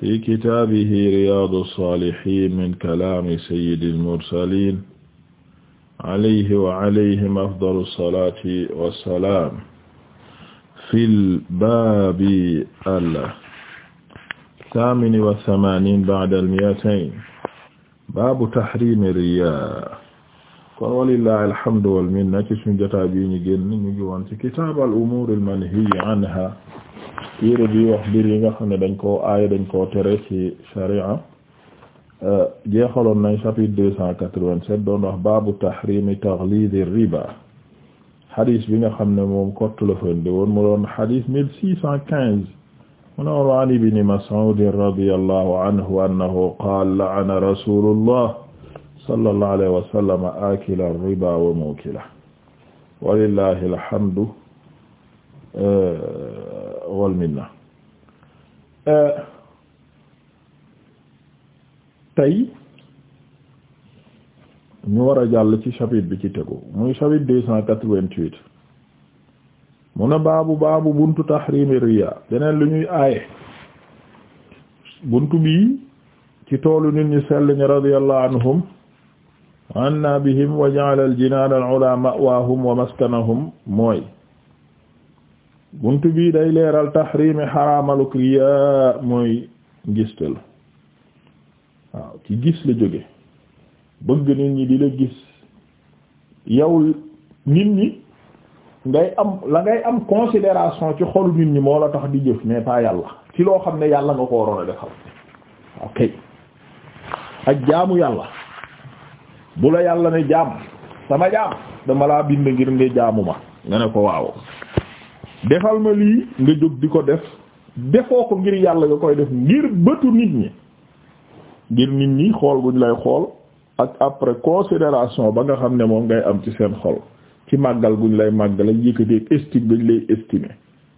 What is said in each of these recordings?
fi kitaabihi riyaadu saalihiin min kalaami sayyidil mursaliin alayhi wa alayhim afdalu salaati wa salaam fil baabi al-thaamini wa thamaaniin ba'da al-mi'atayn baabu tahriimi riyaa kon walillaahi alhamdu wal minna ci sunu jotaay bi ñu génn ñu ngi woon ci kitaab al-umuur al-manhiyyi anhaa téere bi wax mbir yi nga xam ne dañ koo aaya dañ koo tere ci sharia euh, jeexaloon nañ chapitre deux cent quatre-vingt-sept doon wax baabu tahrimi taghlizi riba xadis bi nga xam ne moom kott la fëndi woon mu doon xadis mille six cent quinze mu ne woon an ibni Mas'ud radiyallahu anhu annahu qaala la'ana rasulullah sallallahu alayhi wa sallam akila riba wa mukila walillahi alhamdu euh, wal minna euh, tey ñu war a jàll ci chapitre bi ci tegu mu ne baabu baabu buntu tahrimi riya beneen lu ñuy aaye buntu bii ci toolu nit ñu sell ñi radiyallahu anhum wa anna bihim wa ja'ala al al-'ulaa wa maskanahum mooy bunt bii day leeral tahrimi xaramaluk riyaa mooy ngistal waaw ci gis la jóge bëgg nit ñi di la gis yow nit ñi ngay am la ngay am considération ci xolu nit ñi moo la tax di jëf mais pas yàlla ci loo xam ne yàlla nga ko waroon a defal ok ak jaamu yàlla bu la yàlla ne jaam sama jaam dama laa bind ngir nga jaamu ma nga ne ko waaw defal ma lii nga jóg di ko def defoo ko ngir yàlla nga koy def ngir bëtu nit ñi ngir nit ñi xool guñ lay xool ak après considération ba nga xam ne moom ngay am ci seen xol ci màggal guñ lay màggal ak yëkkatee estime gañ lay estimer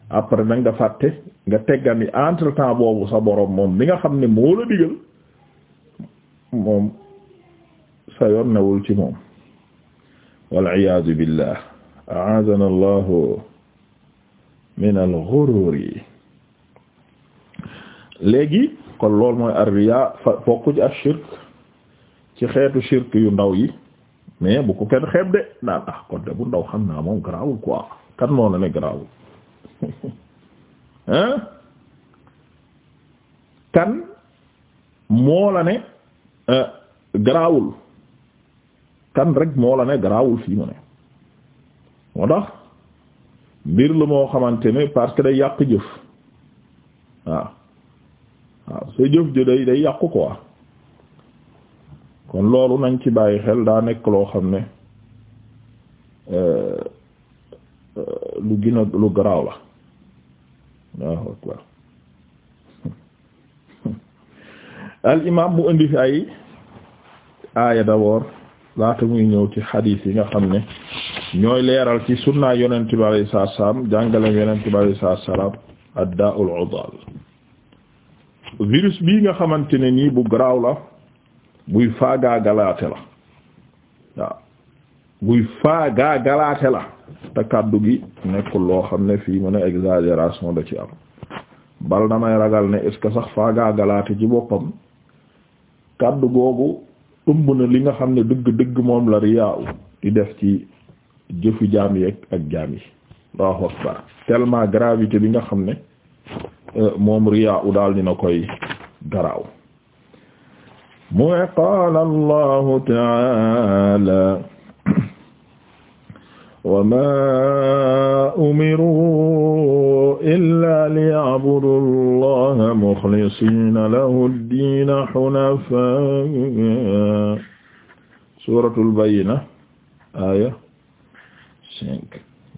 après nag nga fàtte nga teggani entre temps boobu sa borom moom mi nga xam ne moo la digal moom sa yoon newul ci moom wal iyaazu billah a'aazana allahu min al ghururi léegi kon loolu mooy arriya fa bokku ci ak shirk ci xeetu shirk yu ndaw yi mais bu ko kenn xeeb de naan ah kon de bu ndaw xam naa moom garaawul quoi kan noonu ne garaawul kan moo la ne euh, garaawul kan rek moo ne garaawul fii ne moo tax mbir la moo xamante ne parce que day yàq jëf waaw waaw sa jëf ji day day yàqu quoi kon loolu nañ ci bàyyi xel daa nekk loo xam ne euh, euh, lu gën lu garaaw la waaw waaw al imaam mu indi fi ay aaya d'abord laata muy ñëw ci xadiis yi nga xam ne ñooy leeral ci sunna yonente bi alayhi salaatu saam jàngale yeneen bi alayhi salaatu salaam ad-daa'ul 'udaal virus bii nga xamante ne nii bu garaaw la buy faagaagalaate la waaw buy faagaagalaate la te kàddu gi nekkul loo xam ne fii mu ne exagération da ci am bal damay ragal ne est-ce que sax faagaagalaate ci boppam kàddu googu ëmb na li nga xam ne dëgg-dëgg moom la riyaaw di def ci jëfu jaam ak jaam yi Allahu akbar tellement gravité bi nga xam ne euh, moom riyaa u daal dina koy garaaw mu ne qaala Allahu ta'ala wa maa umiruu illaa liya'budu allaha mukhlisiina lahu ddiina hunafaa suuratul cinq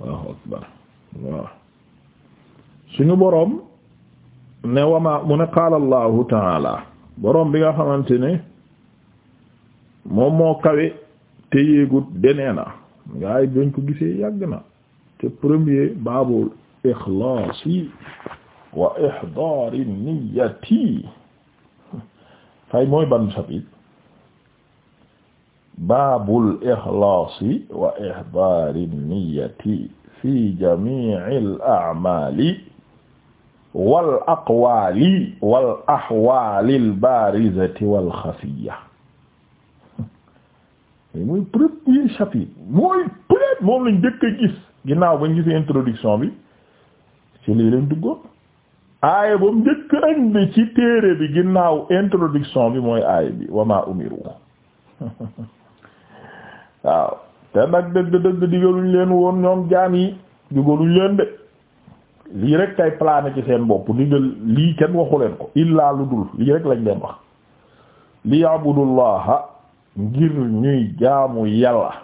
Allahu akbar waaw suñu boroom ne wama mu ne qaala Allahu taala boroom bi nga xamante ne moom moo kawe te yéegut denee na nga ay ko gisee yàgg na te premier baabul ixlaasi wa ihdaari niyyati fay mooy ban chapitre baabul ixlaasi wa ihbaari niyyati fi jamiicil acmaali wal aqwaali wal axwaalil baarizati wal xafiya muy premier chapitre mooy premier moom lañ njëkk a gis ginnaaw bañ gisee introduction bi ci lii lañ duggoon bi ginnaaw introduction bi mooy aaya bi wa maa umiru waaw te nag dëgg dëgg digaluñ leen woon ñoom jaam yi digaluñ leen de lii rek kay plané ci seen bopp digal lii kenn waxu leen ko illaa lu dul lii rek lañ leen wax li ya'budullaha ngir ñuy jaamu yàlla waaw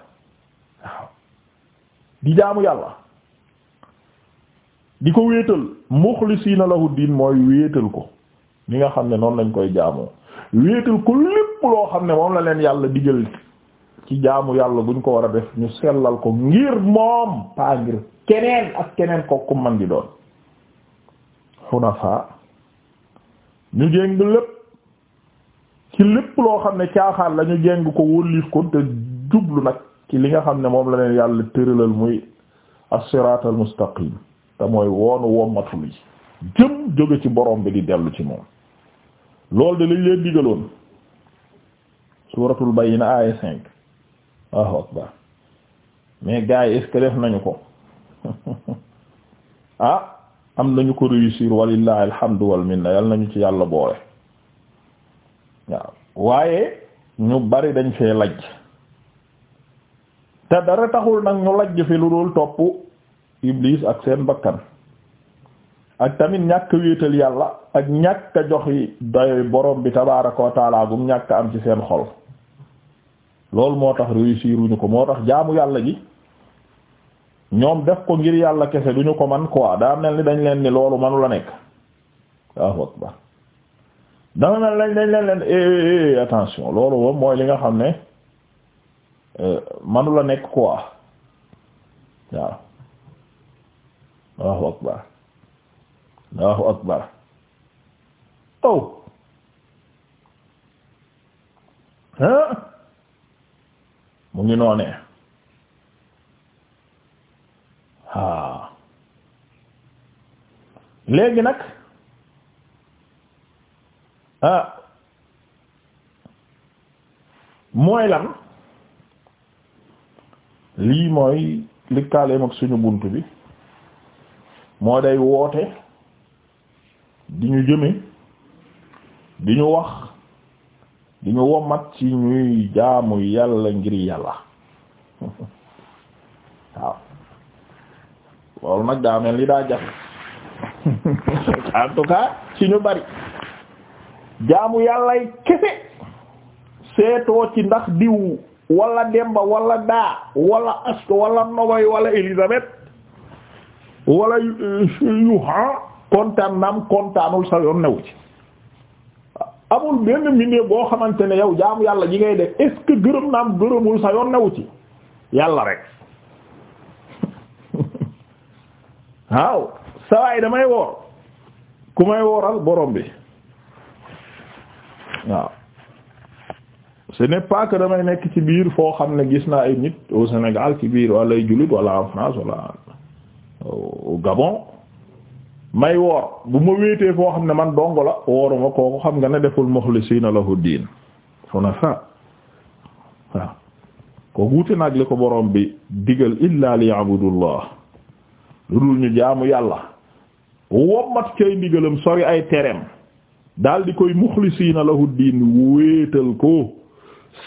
di jaamu yàlla di ko wéetal muxlisiina lahu diin mooy wéetal ko li nga xam ne noonu lañ koy jaamoo wéetal ko lépp loo xam ne moom la leen yàlla digal ci jaamu yàlla buñ ko war a def ñu sellal ko ngir moom paa ngir keneen ak keneen ko ku man di doon xunafa ñu jéng lépp ci lépp loo xam ne caaxaan la ñu jéng ko wóllif ko te jublu nag ci li nga xam ne moom la leen yàlla tëralal muy as-siraat al-mustaqim te mooy woonu wommatul yi jëm jóge ci borom bi di dellu ci moom loolu de lañ leen digaloon suratul bayina aya cinq waaw akbar mais gars yi est nañu ko ah am nañu ko réussir walillahi alhamdu wal minna yal nañu ci yàlla boole waaw waaye ñu bari dañ fee lajj te dara taxul nag ñu lajj fi lu dul topp iblis ak seen bakkan ak tamit ñàkk wéetal yàlla ak ñàkk a jox doy borom bi tabaaraka wa taala gum ñàkk am ci seen xol loolu moo tax réussir wuñu ko moo tax jaamu yàlla gi ñoom def ko ngir yàlla kese duñu ko man quoi daa mel ni dañ leen ni loolu manu la nekk waaw akbar dama mel lañ dañ leen leen eh, eh, eh, attention loolu moom mooy li nga xam ne manu nekk quoi waaw waaw akbar waaw akbar oh mu ngi noonee waaw léegi nag ah mooy lan lii mooy likkaaleem ak suñu bunt bi moo day woote di ñu jëme di ñu wax di ñu womat ci ñuy jaamu yàlla ngir yàlla waaw nag daa mel ni daa jafe en ci ñu bari jaamu yàllay kese seetoo ci ndax diw wala Demba wala daa wala asko wala nogoy wala Elisabeth wala yu ha kontaan naam kontaanul sa amul benn mbindee boo xamante ne yow jaam yàlla ji ngay def est ce que gërëm naam gërëmul sa yoon newu ci yàlla rek waaw sawaay damay woor ku may wooral borom bi waaw ce n'est pas damay nekk ci biir foo xam ne gis naa ay nit au Sénégal ci biir wala ay jullit wala en France wala Gabon may woor bu ma wéetee foo xam ne man dongo la wooruma kooku xam nga ne deful muxlisiina lahu diin hunafa waaw kooku wuute nag li ko borom bi digal illa liya'budullah lu dul ñu jaamu yàlla wommat cay ndigalam sori ay tereem daal koy muxlisiina lahu diin wéetal ko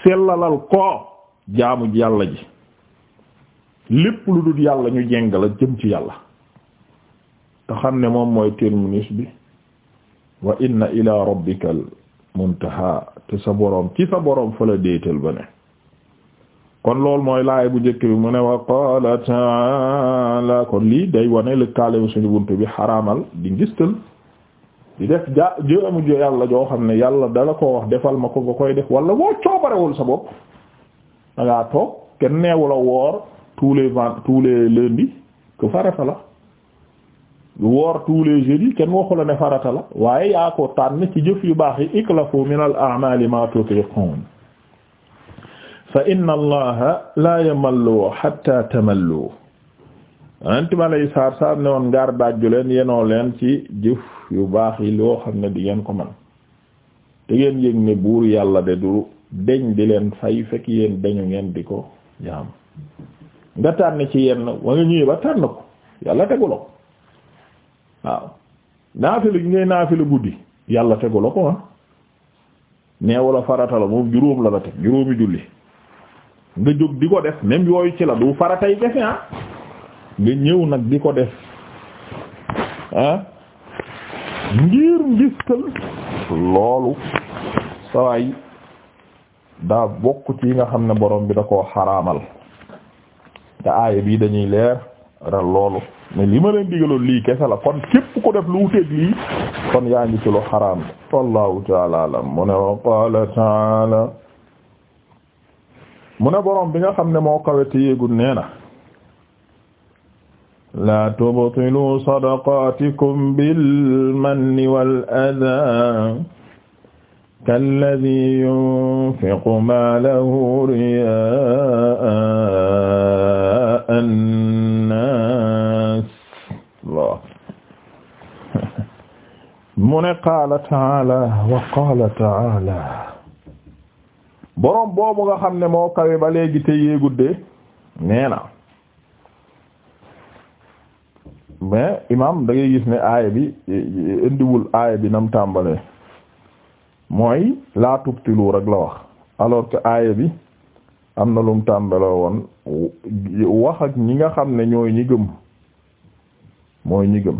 sellalal ko jaamu yàlla ji lépp lu dul yàlla ñu jeng la jëm ci yàlla te xam ne moom mooy terminus bi wa inna ila rabbikal muntaha te sa boroom ci sa boroom fa la déetal ba ne kon loolu mooy laay bu njëkk bi mu ne wa qaala taala kon lii day wane lëkkaalewu suñu buntu bi xaramal di ngistal di def ja jëamu jo yàlla joo xam ne yàlla dala ko wax defal ma ko nga koy def wala boo coobarewul sa bopp da ngaa toog kenn neewula woor tous les vent tous les fare fa woor tous les jeudis kenn waxu la ne farata la waaye yaa ko tànn ci jëf yu baax yi iklafu min al a'mali ma tutiqun fa inna allaha la yamallu hatta tamallu anti ma leen yenoo leen ci jëf yu baax yi loo xam ne di ko man te ngeen yëg yàlla de du di leen fay fekk yéen dañu ngeen di ko jaam nga tànn ci yenn wa nga ñëwee ba tànn ko yàlla teguloo waaw naafila gi ngay naafila guddi yàlla tegu la ko ah neewu la farata la moom juróom la la teg juróomi julli nga jóg di ko def même yooyu ci la du faratay kese ah nga ñëw nag di ko def ah ngir ngistal loolu sawaay daa bokk yi nga xam ne borom bi da koo xaraamal te aaya bii dañuy leer ral loolu mais li ma leen digaloon lii kese kon képp ko def lu wuteeg kon yaa ngi ci lu xaraam wallahu taala alam mu ne wa qaala taala borom bi nga xam ne moo kawete yéegul nee na tubtilu sadaqaatikum bil manni wal adaa kalladi yunfiqu maalahu riyaa annaas mu ne qaala taala wa qaala taala boroom boobu nga xam ne moo kawe ba léegi te yéegudde nee na mais imam da gis ne aaya bi indiwul aaya bi nam tàmbalee mooy laa tubtilu rek la wax alors que aaya bi am na lum tàmbale woon wax ak ñi nga xam ne ñooy ñi gëm mooy ñi gëm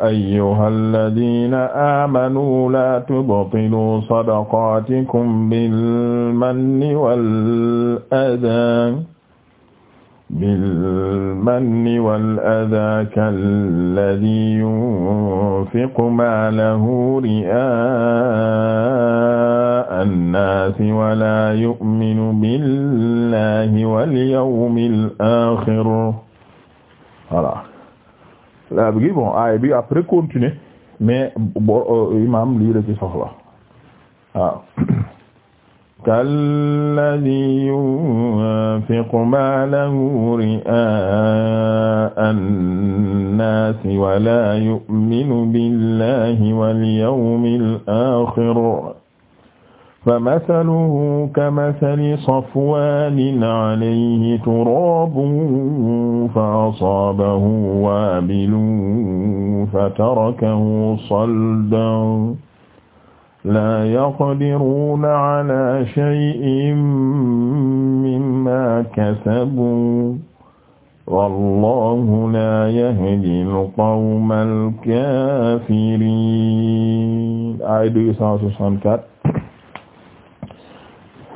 ayyuha alladina aamanu la tubtilu sadaqaatikum bilmanni wal adaa bilmanni wal adaa kalladi yunfiqu maalahu ri'aa annaasi wala yu'minu billahi wal yawmil aaxir voilà bi bon aaya bi après continuer mais bo euh, imam lii la ci soxla waaw kalladi yunfiqu maalahu ri'aa annaasi wala yu'minu billahi wal yawmil aaxir فمثله كمثل صفوان عليه تراب فأصابه وابل فتركه صلدا لا يقدرون على شيء مما كسبوا والله لا يهدي القوم الكافرين. Aaya 264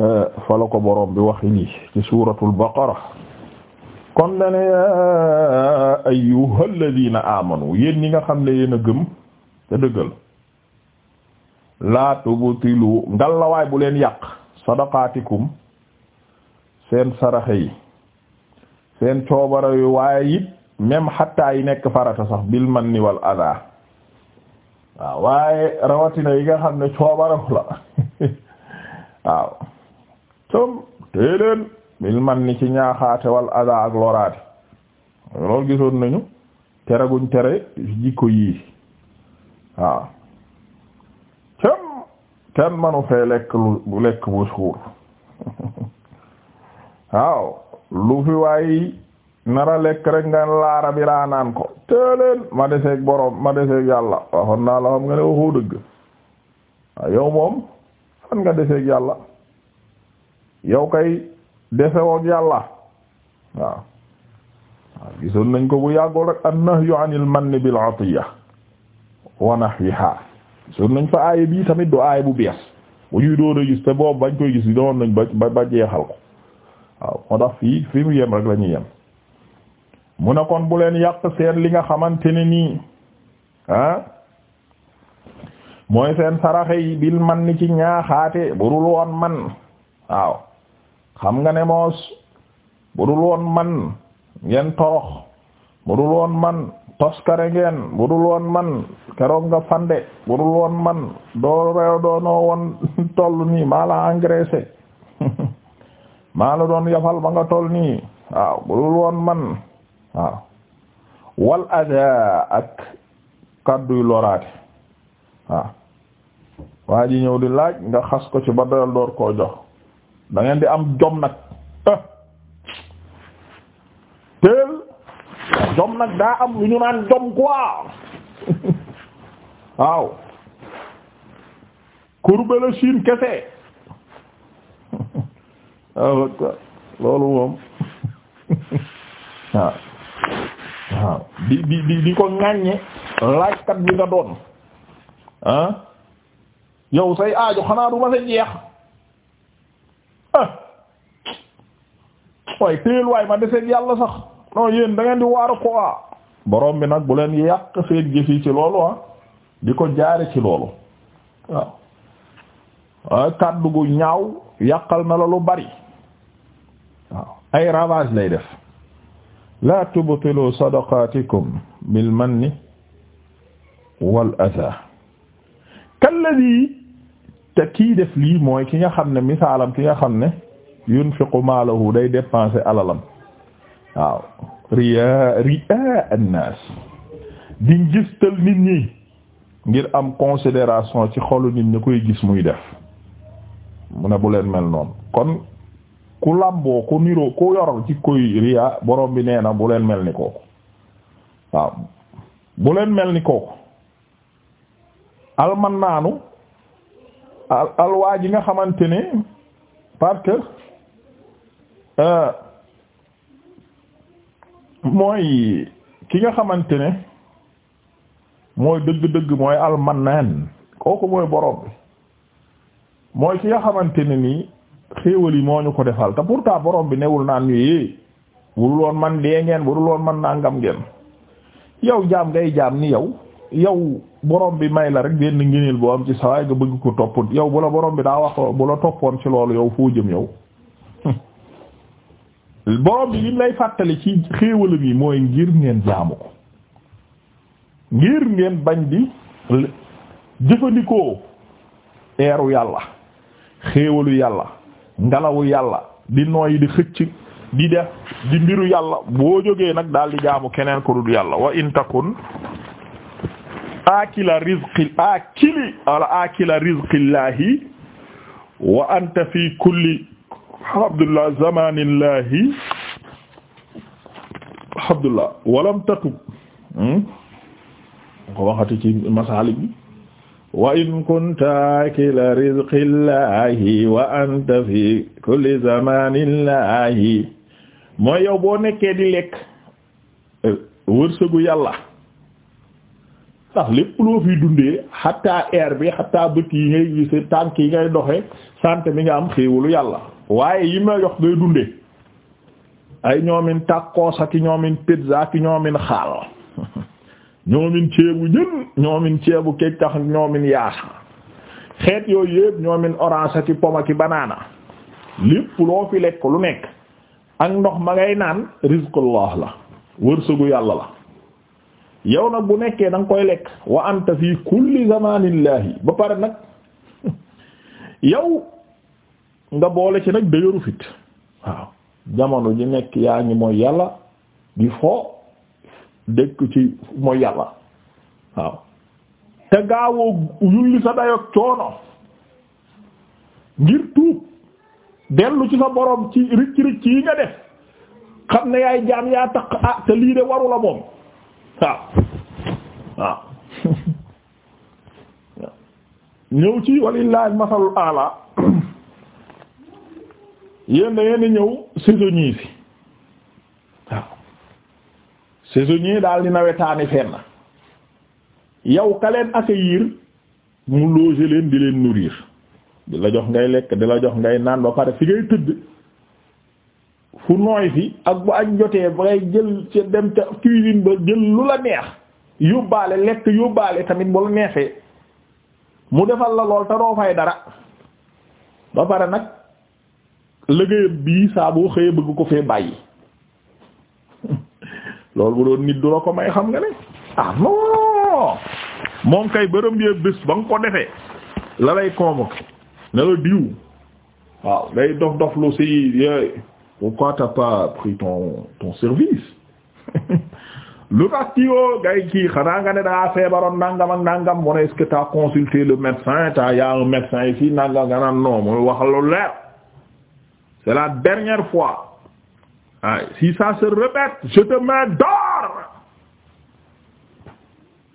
Euh, fa la ko borom bi waxi lii ci suuratul baqara kon dane ya ayyuhal ladina amanu yéen ñi nga xam ne yéen a gëm te dëggal laa tubtilu ngal lawaay bu leen yàq sadaqaatikum seen saraxe yi seen coobara yu waaye it même xattaa yi nekk farata sax bil manni wal adaa waaw waaye rawatina yi nga xam ne coobara la waaw som tée leen bil man ni ci ñaaxaate wal ada ak loraate loolu gisoon nañu tere guñ tere jikko yii waaw cam kenn manu fee lekk lu lekk bu suur waaw lu fi waay nara lekk rek nga laara bi naan ko tée ma deseeg borom ma deseeg yàlla waxoon naa la xam nga ne waxoo dëgg waaw yow moom fan nga deseeg yàlla yow kay defewoon yàlla waaw gisoon nañ ko bu yàggoo rek annahyu anil manni bil atiya wa nahwiha gisoon nañ fa aaya bii tamit du aaya bu bees bu ñuy doon a gis te boobu bañ koy gis yi doon nañ ba ba jeexal ko waaw moo tax fii fii mu yem rek la yem mu ne kon bu leen yàq seen li nga xamante ne nii ah mooy seen saraxe yi bil man ni ci ñaaxaate burul woon man waaw xam nga ne moos bu dul man ngeen torox bu dul woon man toskare ngeen bu dul woon man keroog nga fande bu dul man doo reew doonoo woon toll nii maala la engraissé maa la doon yafal ba nga toll nii waaw bu dul man waaw wal ada ak kàdduy loraate waaw waa ji ñëw di laaj nga xas ko ci ba doyal door koo jox da ngeen di am jom nag ah. teel jom nag daa am lu ñu naan jom quoi waaw courber l'échine kese waaw ah, loolu moom waaw di di di di ko ŋàññe laajkat bi nga doon ah yow say aajo xanaa du sa jeex waaye téel waay ma deseeg yàlla sax non yéen da ngeen di waaru ko ah borom bi nag bu leen yàq seen jëf ci loolu ah di ko jaare ci loolu waaw waaye ah, kàddu gu ñaaw yàqal na la lu bari waaw ay ravage lay def la tubtilu sadaqatikum bil ni wal atha kalladhi te kii def lii mooy ki nga xam ne misaalam ki nga xam ne yunfiqu maalahu day dépenser alalam waaw riyaa riyaa an-naas di ngistal nit ñi ngir am considération ci xolu nit ñi koy gis muy def mu ne bu leen mel noonu kon ku làmboo ku niroo ku yor ci koy riyaa borom bi nee na bu leen mel ni kooku waaw bu leen mel ni kooku alman naanu al alwaa ji nga xamante ni parce Euh, mooy ki nga xamante ne mooy dëgg-dëgg mooy al almanaan kooku mooy borom bi mooy ki nga xamante ne nii xéewal yi moo ñu ko defal te pourtant borom bi newul naan ñu yee eh, loon man dee ngeen budul woon man nangam ngeen yow jaam ngay jaam ni yow yow borom bi may la rek benn ngëneel boo am ci sawaay nga bëgg ko topp yow bu la borom bi daa wax bu la toppoon ci loolu yow foo jëm yow. borom bi lay fàttali ci xéewalam yi mooy ngir ngeen jaamu ko ngir ngeen bañ di jëfandikoo eeru yàlla xéewalu yàlla ngelawu yàlla di nooy di xëcc di def di mbiru yàlla boo jógee nag daal di jaamu keneen ko dul yàlla wa in takun akila rizqi akili wala akila rizqillahi wa anta fi kulli Abdullah zamanillahi Abdullah walam tatub hmm? ko waxati ci masalik bi wa in kunta akila rizqillahi wa anta fi mooy yow boo nekkee di lekk eh, wërsëgu yàlla ndax lépp loo fi dundee xatta air bi xatta bët yi gise tànk yi doxe santé mi nga am xéewalu yàlla waaye yi ma yox ngay dunde ay ñoomin tacos ak ñoomin pizza ak ñoomin xaal ñoomin ceebu jën ñoomin ceebu kecc ñoomin yaasa xeet yooyu yëpp ñoomin orange ak pomme ak banaana lépp loo fi lekk lu nekk ak ndox ma ngay naan rizqullah la wërsëgu yàlla la yow nag bu nekkee da koy lekk wa anta fi kulli zamanillahi ba pare nag yow nga boole ci nag dëgëru fit waaw jamono ji nekk yaa ngi mooy yàlla di foo dëkk ci mooy yàlla waaw te gaawoo yulli sa dayoog coono ngir tuub dellu ci sa boroom ci ricc ricc yi nga def xam ne yaay jaam yaa taq ah te lii de waru moom waaw waaw ñëw ci walillahi masalul ala yéen da ngeen ñëw saisonnier si waaw saisonnier daal di nawetaani fenn yow ka leen accueillir mu loger leen di leen nourrir di la jox ngay lekk di jox ngay naan ba pare fi ngay tëdd fu nooy fi ak bu añ jotee ba ngay jël ca dem ca cuisine ba jël lu la neex yóbbaale lekk yóbbaale tamit bu la neexee mu defal la lool te doo fay dara ba pare nag. l bii saa boo xëyee bëgg ko fee bàyyi loolu bu nit du la ko may xam ah non moom kay bërëm yee bés ba nga ko defee la lay convoquer ne la diw waaw day dof dof lu si yooyu pourquoi t'as pas pris ton ton service lu tax tiyo gay kii xanaa nga ne nangam ak nangam mu ne est-ce que t'as consulté le médecin a un médecin ici nangam nga naan non mooy waxal lu leer c'est la dernière fois ah si ça se répète je te mets dehors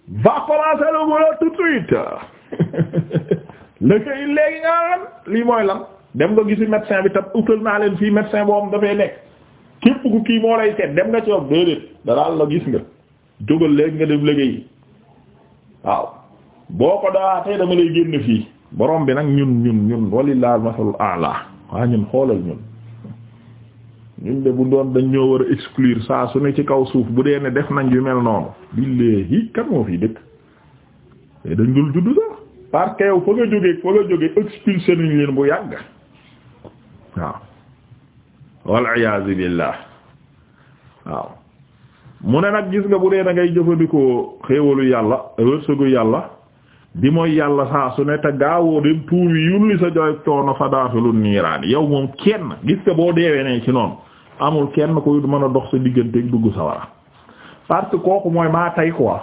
va commencer le tout suite léegi nga lan lii mooy lan dem nga gisi médecin bi tam utal naa leen fii médecin boobu dafay nekk képp ku kii moo lay seet dem nga ci yoon déedéet danaal la gis nga jógal léegi nga dem liggéey waaw boo ko daa tey dama lay génn fii borom bi nag ñun ñun ñun walillahi masalul a'la waa ñun xoolal ñun ñun de bu doon dañ ñoo war a exclure saa su ne ci kaw suuf bu dee ne def nañ yu mel noonu billaahi kan moo fi dëkk te dañ dul juddu sax parce fa nga jógee fa nga jógee expulsé nañ leen bu yàgg waaw wal iyaazu billaah waaw mu ne nag gis nga bu dee da ngay jëfandikoo xéewalu yàlla wërsëgu yàlla di mooy yàlla saa su ne te gaawoo dem tuubi yulli sa jooy coono fadaatalu niiraan yow moom kenn gis nga boo deewee ne ci noonu amul kenn koy mën a dox sa digganteeg dugg sa wara parce que kooku mooy maa tay quoi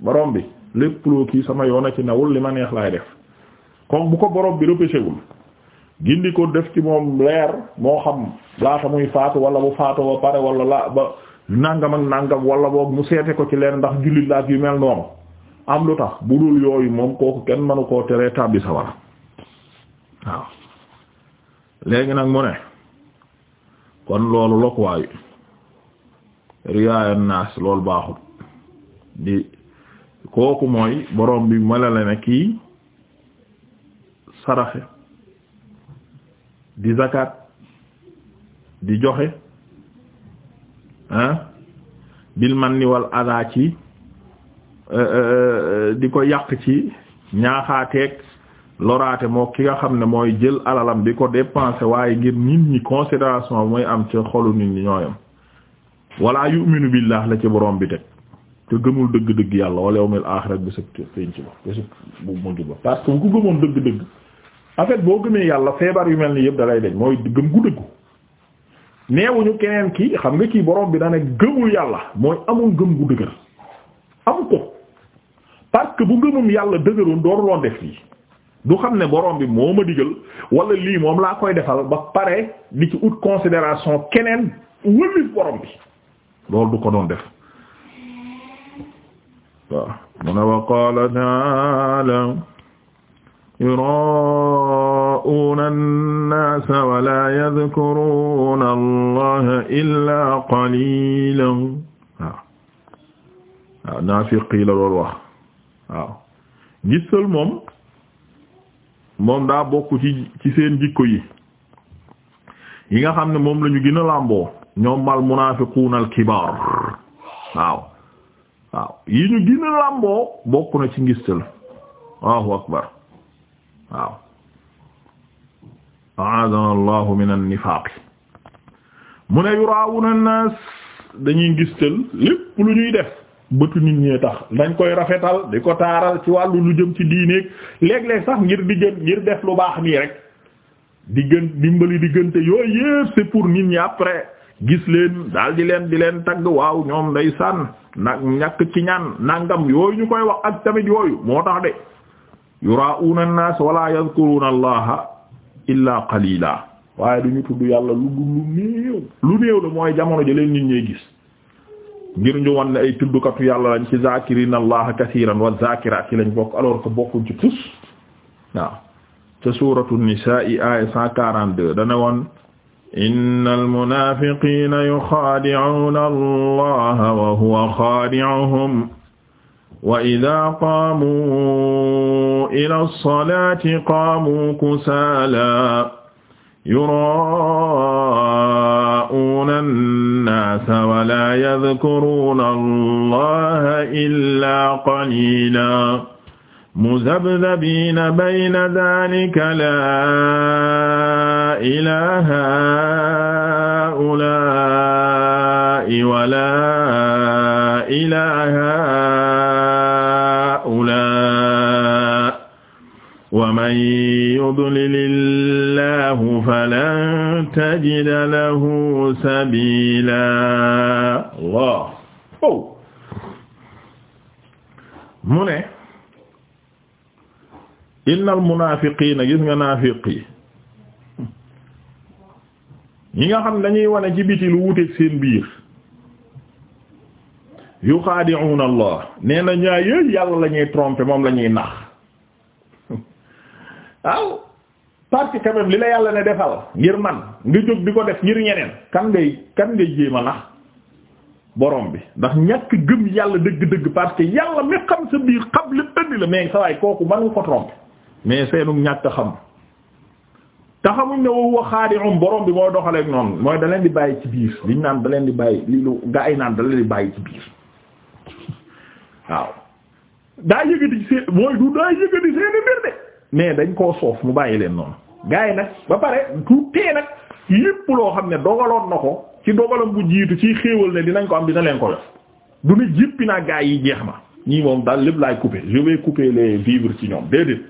borom bi lépp loo kii sama yoon a ci newul li ma neex laay def kon bu ko borom bi repêché wul gindi ko def ci moom leer moo xam laata muy faatu wala bu faatu ba pare wala la ba nangam ak nangam wala boog mu seete ko ci leer ndax jullit yu mel noonu. am lu tax bu dul yooyu moom kooku kenn mënu koo teree tàbbi sawara waaw léegi nag mu ne kon loolu lokk waayu riyaaya naas loolu baaxul di kooku mooy borom bi mala la ne kii saraxe di zakat di joxe ah bil manni wal adaa ci Euh, euh, euh, di ko yàq ci ñaaxaateeg loraate moo ki nga xam ne mooy jël alalam di ko dépenser waaye ngir nit ñi considération mooy am ca xolu nit ñi ñooyam wala yu'minu billah la ci borom bi teg te gëmul dëgg-dëgg yàlla wala yawmil aaxir ak bésub pénc ba bésub bu mujj ba parce que bu ko gëmoon dëgg-dëgg en boo gëmee yàlla feebar yu mel ni yëpp dalay deñ mooy gëm gu dëggu neewuñu keneen kii xam nga kii borom bi da ne gëmul yàlla mooy amul gëm gu dëgër parce que bu ngëmum yàlla dëgëroon dooru loon def lii du xam ne borom bi moo ma digal wala lii moom laa koy defal ba pare di ci ut considération keneen wëlif borom bi loolu du ko doon def waaw mu ne wa qaala ta'ala yuraa'uuna an-naasa wa laa wax waaw ngistal moom moom daa bokk ci ci seen jikko yi yi nga xam ne moom lañu ñu gën a làmboo ñoom mal munaafiquun al kibaar waaw waaw yi ñu gën làmboo bokk na ci ngistal Allahu akbar waaw aadana allahu min an-nifaaq mu ne yuraawuna naas dañuy ngistal lépp lu ñuy def bëtu nit ñee tax dañ koy rafetal di ko taaral ci wàllu lu jëm ci diineeg léeg-léeg sax ngir di ngir def lu baax nii rek di gën dimbali diggante yooyu yëpp c'est pour nit ñi après gis leen daal di leen di leen tagg waaw ñoom day sànn nag ñàkk ci ñaan nangam yooyu ñu koy wax ak tamit yooyu moo tax de yuraa'una an-nas wala yadhkuruna allaha illa qalila waaye du ñu tudd yàlla lu lu néew lu néew la mooy jamono ja nit ñee gis ngir ñu wan ne ay tuddukatu yàlla lañ ci zakirina allah kasiran wa zakirat yi lañ bokk alors que bokkuñ ci tous waaw te suratu nisaa aya 142 dane woon inna almunafiqina yuxaadi'uuna allaha wa huwa xaadi'uhum wa idaa qaamu ila salaati qaamu kusaala yuraa yura'uuna an-naasa wa laa yadhkuruuna allaha illaa qaliilaa muzabzabiina bayna dhaalika laa ilaa haa'ulaa'i wa laa ilaa haa'ulaa'i wa man yudlilillaahu falaa lan tajida sabila Allah mu ne inna al gis nga naafiq ñi nga xam dañuy wane ci biti lu wuteeg seen biir yuxaadi'una Allah nee na ñaa yooyu yàlla la ñuy moom la ñuy nax waaw parce que quand li la yàlla ne defal ngir man nga jóg di ko def ngir ñeneen kan ngay kan ngay jéem a nax borom bi ndax ñàkk gëm yàlla dëgg-dëgg parce que yàlla mi xam sa biir xam lépp indi la mais sa kooku mën nga ko tromper mais seenu ñàkk xam te xamuñ ne wa xaadi'um borom bi moo doxaleeg noonu mooy daleen di bàyyi ci biir liñ naan da leen di bàyyi li lu gaa ay naan da leen di bàyyi ci biir waaw daa yëgati seen mooy du daa yëgati seeni mbir de mais dañ koo soof mu bàyyi leen noonu gars yi nag ba pare du tee nag lépp loo xam ne dogaloon na ko ci dogaloon bu jiitu ci xéewal ne dinañ ko am dina leen ko def du ne jippi naa gars yi jeex na ñii moom daal lépp laay couper je vais couper les vivres ci ñoom déedéet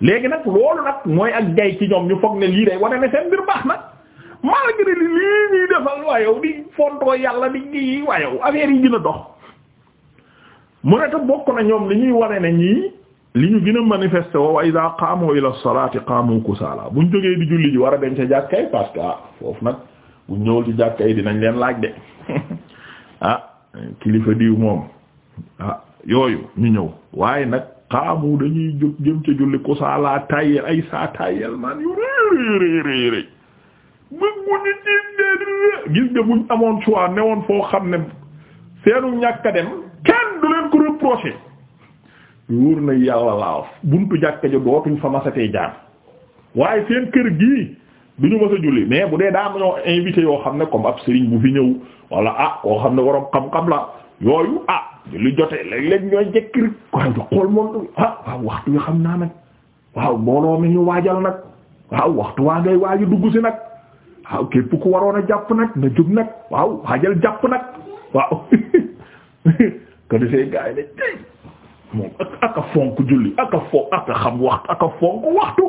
léegi nag loolu nag mooy ak gay ci ñoom ñu foog ne lii day wane ne seen mbir baax na malgré lii ñuy defal waayow di fontoo yàlla di ngi waayow affaire yi gën a dox mu ne bokk na ñoom li ñuy ñii li ñu gën a manifesté woo wa idaa qaamu ila salaati qaamu kusaala buñ jógee di julli ji war a dem ca jàkkay parce ah, foofu nag buñ ñëwul ci jàkkay dinañ leen laaj de ah kilifa diw moom ah yooyu ñu ñëw waaye nag qaamu dañuy jóg jëm ca julli kusaala tayel ay saa tayel naan yu rëy rëy rëy bëgg bu ñu jiit gis nga buñ amoon choix newoon foo xam ne seenu ñàkk a dem kenn du leen ko reprocher wóor na yàlla laaw buntu jàkka ja dootuñ fa masatee jaar waaye seen kër gii duñu mës a julli mais bu dee daa ñoo invité yoo xam ne comme ab sëriñ bu fi ñëw wala ah koo xam ne waroom xam-xam la yooyu ah julli jotee léeg-léeg ñooy jëkkër waaye du xool moom ah waaw waxtu wi xam naa nag waaw mbooloo mi waajal nag waaw waxtu waa ngay waaju dugg si nag waaw képp ku waroon a jàpp nag na jub nag waaw waajal jàpp nag waaw ko defee gars yi ne aka fonk julli aka fonk aka xam waxtu aka fonk waxtu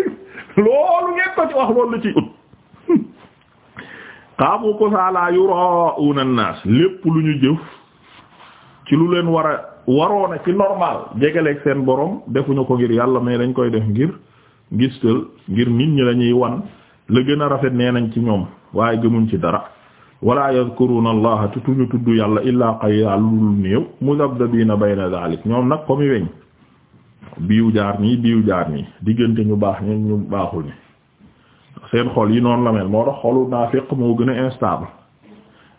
loolu ngeen ko ci wax loolu la ciy ut xaamu ko saalaa yura'una lépp lu ñu jëf ci lu leen war a waroona ci normal jegeleeg seen borom defuñu ko ngir yàlla mais dañ koy def ngir gistal ngir nit ñi lañuy wan la gën a rafet nee nañ ci ñoom waaye gëmuñ ci dara wala yadhkuruna allaha ñu tudd yàlla illaa qalila lul néew mudabdabina bayna dalik ñoom nag ko mi weñ biiw jaar nii biiw jaar nii diggante ñu baax ñu ñu baaxul ni seen xol yi noonu la mel moo tax xolu naafiq moo gën a instable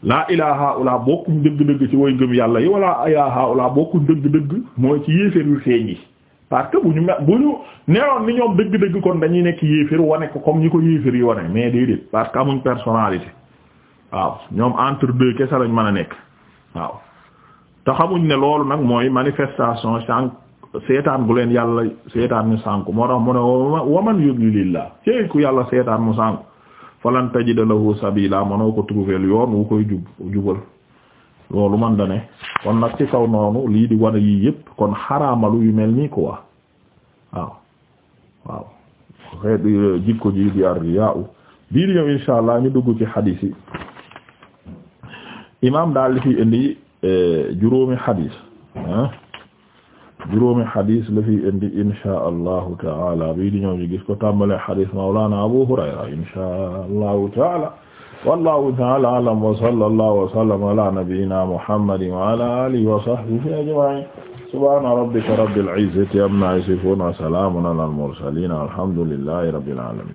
laa ilaa haula bokkuñ dëgg-dëgg ci way ngëm yàlla yi wala ilaa haula bokkuñ dëgg-dëgg mooy ci yéeféer yu feeñ yi parce que bu ñu bu ñu neewoon ni ñoom dëgg-dëgg kon dañuy nekk yéeféer wane ko comme ñi ko yéeféer yi wane mais déedéet parce que amuñ waaw ñoom entre deux kese lañ mën a nekk waaw te xamuñ ne loolu nag mooy manifestation sànq seetaan gu leen yàlla seetaan ñu sànku moo tax mu ne waman yudlilillah ci ku yàlla seetaan mu sànku falan tajida lahu sabila mënoo ko trouver yoon wu koy jub jubal loolu man da ne kon nag ci kaw noonu lii di wane yii yépp kon xaraamalu yu mel nii quoi waaw waaw xeet jikko ji di ar riyaa bii di ñëw insha allah ñu dugg ci xadiis yi imaam daal li fi indi eh, juróomi xadis ah juróomi xadis la fi indi inshaa allahu taala bii di ñëw ñu gis ko tàmbalee xadis mawlaana abu hurayra inshaa allahu taala wallahu taala alam wa sallallahu wa sallama ala nabiyyina muhammadin wa ala alihi wa sahbihi ajma'in subhaana rabbika rabbil izzati amma yasifuun wa salaamun ala al mursaliin alhamdulillahi rabbil aalamiin